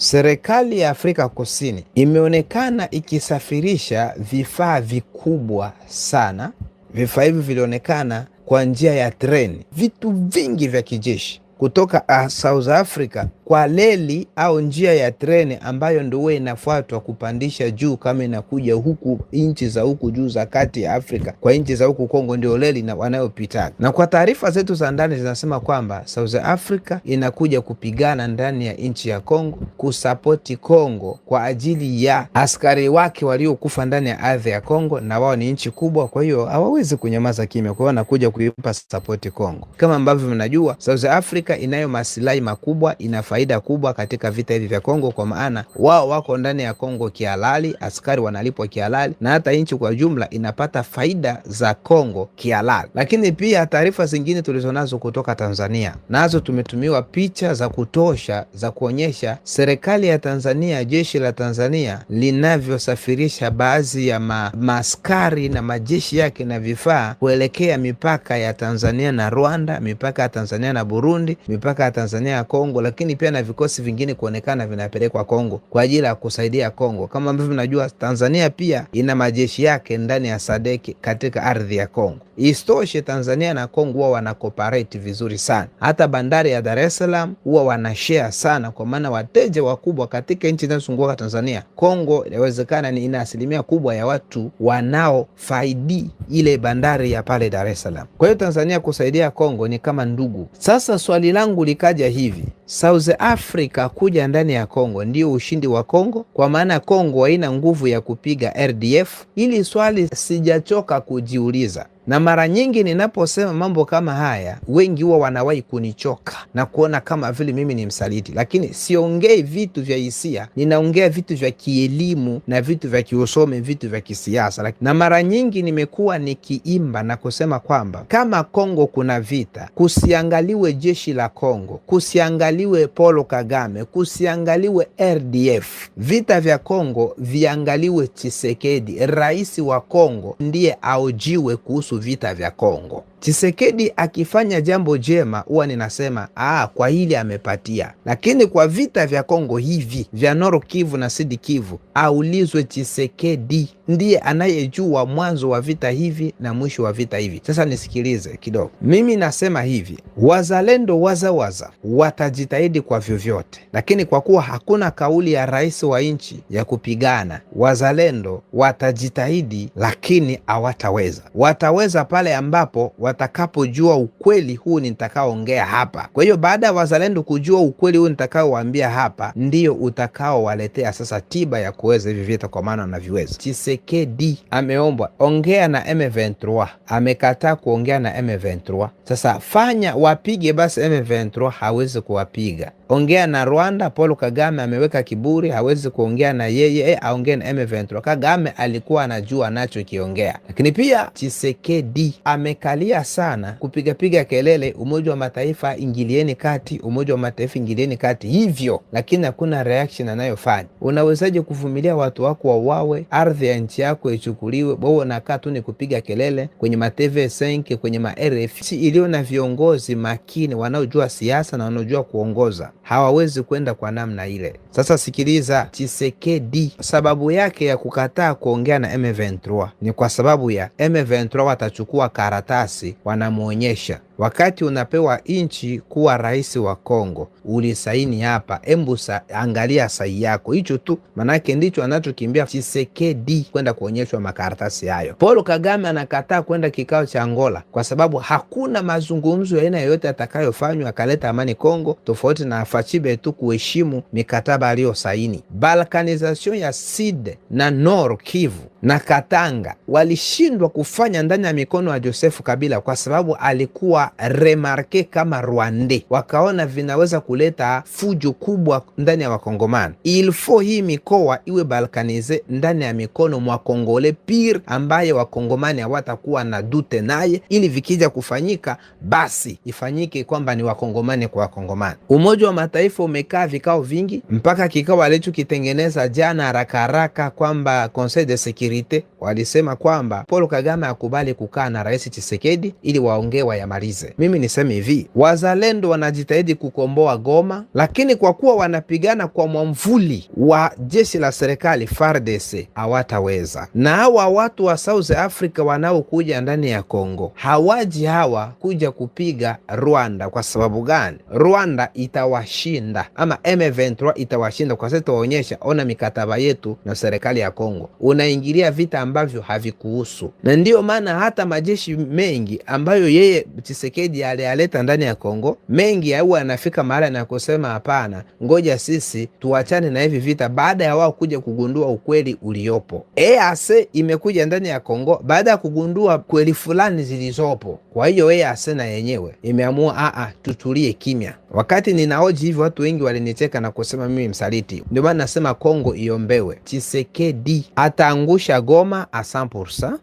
Serikali ya Afrika Kusini imeonekana ikisafirisha vifaa vikubwa sana. Vifaa hivi vilionekana kwa njia ya treni, vitu vingi vya kijeshi kutoka ah, South Africa kwa leli au njia ya treni ambayo ndio huwa inafuatwa kupandisha juu, kama inakuja huku nchi za huku juu za kati ya Afrika kwa nchi za huku Kongo, ndio leli wanayopitaka Na kwa taarifa zetu za ndani zinasema kwamba South Africa inakuja kupigana ndani ya nchi ya Kongo kusapoti Kongo kwa ajili ya askari wake waliokufa ndani ya ardhi ya Kongo, na wao ni nchi kubwa, kwa hiyo hawawezi kunyamaza kimya. Kwa hiyo wanakuja kuipa sapoti Kongo. Kama ambavyo mnajua, South Africa inayo masilahi makubwa ina faida kubwa katika vita hivi vya Kongo, kwa maana wao wako ndani ya Kongo kihalali, askari wanalipwa kihalali, na hata nchi kwa jumla inapata faida za Kongo kihalali. Lakini pia taarifa zingine tulizonazo kutoka Tanzania, nazo tumetumiwa picha za kutosha za kuonyesha serikali ya Tanzania, jeshi la Tanzania linavyosafirisha baadhi ya ma, maaskari na majeshi yake na vifaa kuelekea mipaka ya Tanzania na Rwanda, mipaka ya Tanzania na Burundi, mipaka ya Tanzania ya Kongo, lakini pia pia na vikosi vingine kuonekana vinapelekwa Kongo kwa ajili ya kusaidia Kongo. Kama ambavyo mnajua, Tanzania pia ina majeshi yake ndani ya Sadeki katika ardhi ya Kongo. Isitoshe, Tanzania na Kongo huwa wanakopareti vizuri sana. Hata bandari ya Dar es Salaam huwa wanashea sana, kwa maana wateja wakubwa katika nchi zinazozunguka Tanzania, Kongo inawezekana ni ina asilimia kubwa ya watu wanaofaidi ile bandari ya pale Dar es Salaam. Kwa hiyo Tanzania kusaidia Kongo ni kama ndugu. Sasa swali langu likaja hivi, South Afrika kuja ndani ya Kongo ndio ushindi wa Kongo, kwa maana Kongo haina nguvu ya kupiga RDF. Hili swali sijachoka kujiuliza na mara nyingi ninaposema mambo kama haya, wengi huwa wanawahi kunichoka na kuona kama vile mimi ni msaliti, lakini siongei vitu vya hisia, ninaongea vitu vya kielimu na vitu vya kiusomi, vitu vya kisiasa. Na mara nyingi nimekuwa nikiimba na kusema kwamba kama Kongo kuna vita, kusiangaliwe jeshi la Kongo, kusiangaliwe Paul Kagame, kusiangaliwe RDF. Vita vya Kongo viangaliwe chisekedi rais wa Kongo ndiye aojiwe kuhusu vita vya Kongo. Chisekedi akifanya jambo jema huwa ninasema aa, ah, kwa hili amepatia, lakini kwa vita vya Kongo hivi vya Noro Kivu na Sidi Kivu aulizwe Chisekedi ndiye anayejua mwanzo wa vita hivi na mwisho wa vita hivi. Sasa nisikilize kidogo, mimi nasema hivi, wazalendo wazawaza watajitahidi kwa vyovyote, lakini kwa kuwa hakuna kauli ya rais wa nchi ya kupigana, wazalendo watajitahidi, lakini hawataweza. Wataweza pale ambapo watakapojua ukweli huu nitakaoongea hapa. Kwa hiyo baada ya wazalendo kujua ukweli huu nitakaowaambia hapa, ndio utakaowaletea sasa tiba ya kuweza hivi vita, kwa maana anaviweza. Chisekedi ameombwa ongea na M23, amekataa kuongea na M23. Sasa fanya wapige basi, M23 hawezi kuwapiga. Ongea na Rwanda, Paul Kagame ameweka kiburi, hawezi kuongea na yeye, eh, aongee na M23. Kagame alikuwa anajua anachokiongea, lakini pia Chisekedi amekalia wanaendelea sana kupigapiga kelele, Umoja wa Mataifa ingilieni kati, Umoja wa Mataifa ingilieni kati hivyo, lakini hakuna reaction anayofanya. Unawezaje kuvumilia watu wako wauawe, ardhi ya nchi yako ichukuliwe, wewe unakaa tu ni kupiga kelele kwenye ma senke, kwenye ma RF iliyo na viongozi makini wanaojua siasa na wanaojua kuongoza hawawezi kwenda kwa namna ile. Sasa sikiliza, Chisekedi, sababu yake ya kukataa kuongea na M23 ni kwa sababu ya M23 watachukua karatasi wanamwonyesha Wakati unapewa nchi kuwa rais wa Kongo ulisaini hapa, embu sa, angalia sahi yako, hicho tu manake ndicho anachokimbia Chisekedi kwenda kuonyeshwa makaratasi hayo. Paul Kagame anakataa kwenda kikao cha Angola kwa sababu hakuna mazungumzo ya aina yoyote atakayofanywa akaleta amani Kongo, tofauti na Fachibe tu kuheshimu mikataba aliyosaini. Balkanization ya Sud na nor Kivu na Katanga walishindwa kufanya ndani ya mikono ya Joseph Kabila kwa sababu alikuwa remarke kama Rwande, wakaona vinaweza kuleta fujo kubwa ndani ya Wakongomani. Ilfo hii mikoa iwe balkanize ndani ya mikono mwa Kongole pir ambaye Wakongomani hawatakuwa na dute naye, ili vikija kufanyika basi ifanyike kwamba ni Wakongomani kwa Wakongomani. Umoja wa Mataifa umekaa vikao vingi, mpaka kikao alichokitengeneza jana haraka haraka kwamba Conseil de Securite walisema kwamba Paul Kagame akubali kukaa na Rais Tshisekedi ili waongee wayamalize tumalize. Mimi niseme hivi, wazalendo wanajitahidi kukomboa Goma, lakini kwa kuwa wanapigana kwa mwamvuli wa jeshi la serikali FARDC hawataweza. Na hawa watu wa South Africa wanaokuja ndani ya Kongo hawaji hawa kuja kupiga Rwanda. Kwa sababu gani? Rwanda itawashinda ama M23 itawashinda, kwa sababu tuwaonyesha, ona mikataba yetu na serikali ya Kongo, unaingilia vita ambavyo havikuhusu, na ndiyo maana hata majeshi mengi ambayo yeye Tshisekedi aliyaleta ndani ya Kongo mengi au anafika mahali na kusema hapana, ngoja sisi tuachane na hivi vita, baada ya wao kuja kugundua ukweli uliopo. EAC imekuja ndani ya Kongo baada ya kugundua kweli fulani zilizopo. Kwa hiyo EAC na yenyewe imeamua aa, tutulie kimya. Wakati ninaoji hivi, watu wengi walinicheka na kusema mimi msaliti. Ndio maana nasema Kongo iombewe. Chisekedi ataangusha Goma a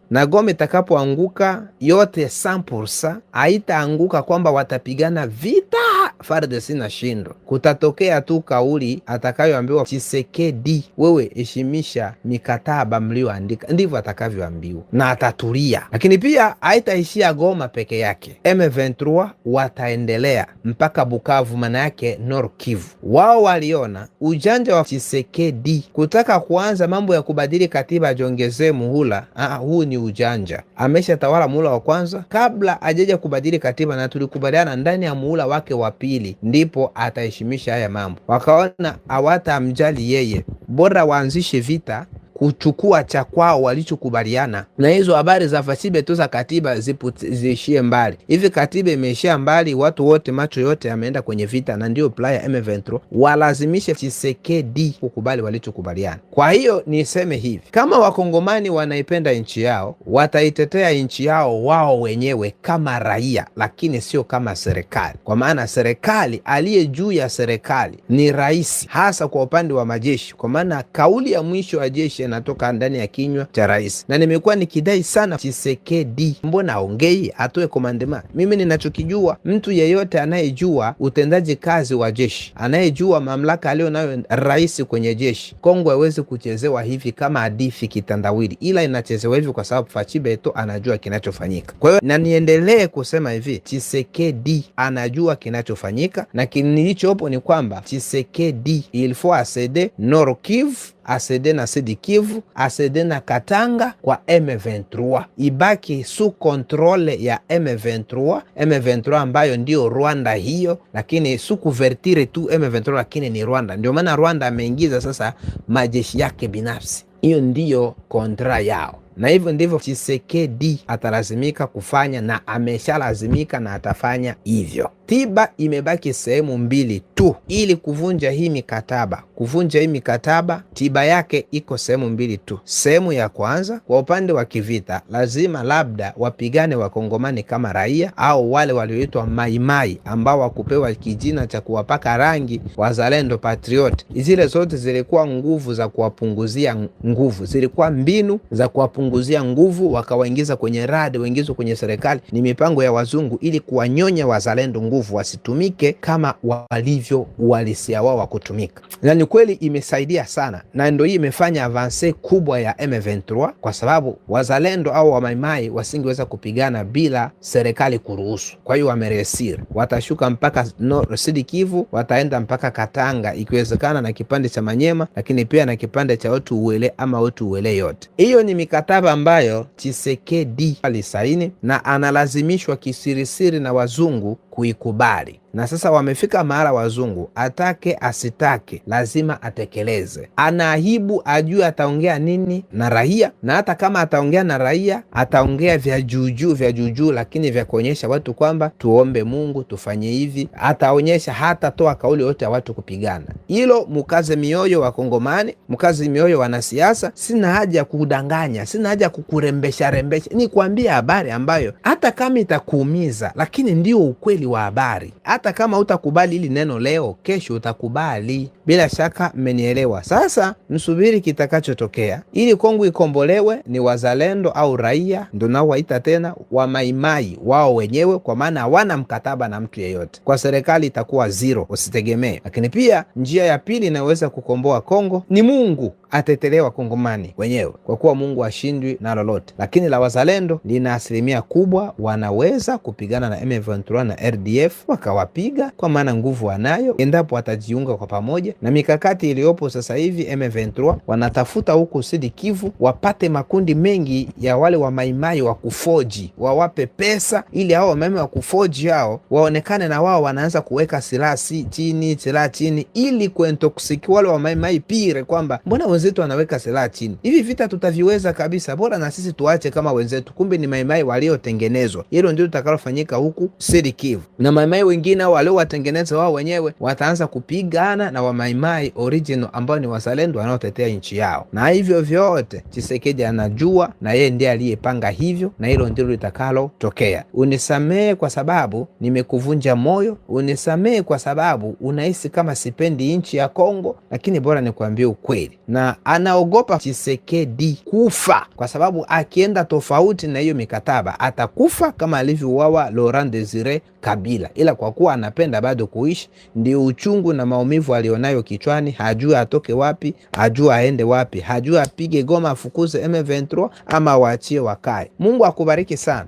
na Goma itakapoanguka yote sampursa haitaanguka kwamba watapigana vita FARDC inashindwa, kutatokea tu kauli atakayoambiwa Chisekedi, wewe heshimisha mikataba mlioandika, ndivyo atakavyoambiwa na atatulia. Lakini pia haitaishia Goma peke yake, M23 wataendelea mpaka Bukavu, maana yake Nord Kivu. Wao waliona ujanja wa Chisekedi kutaka kuanza mambo ya kubadili katiba ajiongezee muhula. Ah, huu ni ujanja. Ameshatawala muhula wa kwanza kabla ajaja kubadili katiba, na tulikubaliana ndani ya muhula wake wa pili pili, ndipo ataheshimisha haya mambo. Wakaona hawatamjali yeye, bora waanzishe vita kuchukua cha kwao walichokubaliana, na hizo habari za fasibe tu za katiba zishie mbali. Hivi katiba imeishia mbali, watu wote, macho yote yameenda kwenye vita, na ndio playa M23 walazimishe Chisekedi kukubali walichokubaliana. Kwa hiyo niseme hivi, kama wakongomani wanaipenda nchi yao, wataitetea nchi yao wao wenyewe kama raia, lakini sio kama serikali, kwa maana serikali aliye juu ya serikali ni rais, hasa kwa upande wa majeshi, kwa maana kauli ya mwisho wa jeshi inatoka ndani ya kinywa cha rais, na nimekuwa nikidai sana Chisekedi, mbona aongei atoe komandema? Mimi ninachokijua, mtu yeyote anayejua utendaji kazi wa jeshi, anayejua mamlaka aliyo nayo rais kwenye jeshi, Kongo hawezi kuchezewa hivi kama adifi kitandawili, ila inachezewa hivi kwa sababu Fachibeto anajua kinachofanyika. Kwa hiyo na niendelee kusema hivi, Chisekedi anajua kinachofanyika, na kinilichopo ni kwamba Chisekedi ilfo asede Nord Kivu asede na sedi Kivu, asede na Katanga kwa M23, ibaki su kontrole ya M23. M23 ambayo ndio Rwanda hiyo, lakini su kuvertire tu M23, lakini ni Rwanda. Ndio maana Rwanda ameingiza sasa majeshi yake binafsi. Hiyo ndiyo kontra yao na hivyo ndivyo Chisekedi atalazimika kufanya na ameshalazimika na atafanya hivyo. Tiba imebaki sehemu mbili tu ili kuvunja hii mikataba. Kuvunja hii mikataba, tiba yake iko sehemu mbili tu. Sehemu ya kwanza, kwa upande wa kivita, lazima labda wapigane wakongomani kama raia au wale walioitwa maimai ambao wakupewa kijina cha kuwapaka rangi wazalendo patrioti. Zile zote zilikuwa nguvu za kuwapunguzia nguvu, zilikuwa mbinu za kuwapunguzia kuwapunguzia nguvu, wakawaingiza kwenye radi, waingizwe kwenye serikali, ni mipango ya wazungu ili kuwanyonya wazalendo nguvu, wasitumike kama walivyo uhalisia wao wa kutumika. Na ni kweli imesaidia sana, na ndio hii imefanya avance kubwa ya M23, kwa sababu wazalendo au wamaimai wasingeweza kupigana bila serikali kuruhusu. Kwa hiyo wameresir, watashuka mpaka no, Sidi Kivu, wataenda mpaka Katanga ikiwezekana, na kipande cha Manyema, lakini pia na kipande cha watu Uele ama watu Uele yote. Hiyo ni mikata mikataba ambayo Chisekedi alisaini na analazimishwa kisirisiri na wazungu kuikubali na sasa wamefika mahala wazungu, atake asitake lazima atekeleze. Anaahibu ajue ataongea nini na raia, na hata kama ataongea na raia ataongea vya juujuu vya juujuu, lakini vya kuonyesha watu kwamba tuombe Mungu tufanye hivi. Ataonyesha hatatoa kauli yote ya watu kupigana. Hilo mukaze mioyo wa Kongomani, mukaze mioyo wanasiasa. Sina haja ya kudanganya, sina haja ya kukurembesha rembesha, ni kuambia habari ambayo hata kama itakuumiza, lakini ndio ukweli wa habari hata hata kama utakubali hili neno leo, kesho utakubali. Bila shaka mmenielewa. Sasa msubiri kitakachotokea, ili Kongo ikombolewe. Ni wazalendo au raia ndo naowaita tena wamaimai wao wenyewe, kwa maana hawana mkataba na mtu yeyote, kwa serikali itakuwa zero, usitegemee. Lakini pia njia ya pili inayoweza kukomboa Kongo ni Mungu atetelewa wakongomani wenyewe, kwa kuwa Mungu hashindwi na lolote. Lakini la wazalendo lina asilimia kubwa, wanaweza kupigana na M23 na RDF wakawapiga, kwa maana nguvu wanayo, endapo watajiunga kwa pamoja na mikakati iliyopo sasa hivi M23 wanatafuta huko Sidi Kivu wapate makundi mengi ya wale wa maimai wa kufoji, wawape pesa ili hao wamaimai wa kufoji hao waonekane na wao wanaanza kuweka silaha si chini, silaha chini, ili kuentoksiki wale wa maimai pire kwamba mbona wenzetu wanaweka silaha chini hivi, vita tutaviweza kabisa, bora na sisi tuache kama wenzetu. Kumbe ni maimai waliotengenezwa. Hilo ndio tutakalofanyika huku Sidi Kivu, na maimai wengine wale waliowatengeneza wao wenyewe wataanza kupigana na wa maimai original ambao ni wazalendo wanaotetea nchi yao, na hivyo vyote Chisekedi anajua na yeye ndiye aliyepanga hivyo, na hilo ndilo litakalotokea. Unisamehe kwa sababu nimekuvunja moyo, unisamehe kwa sababu unahisi kama sipendi nchi ya Kongo, lakini bora nikuambie ukweli. Na anaogopa Chisekedi kufa kwa sababu akienda tofauti na hiyo mikataba atakufa kama alivyouawa Laurent Desire kabila, ila kwa kuwa anapenda bado kuishi, ndio uchungu na maumivu alionayo kichwani. Hajua atoke wapi, hajua aende wapi, hajua apige goma, afukuze M23 ama waachie wakae. Mungu akubariki sana.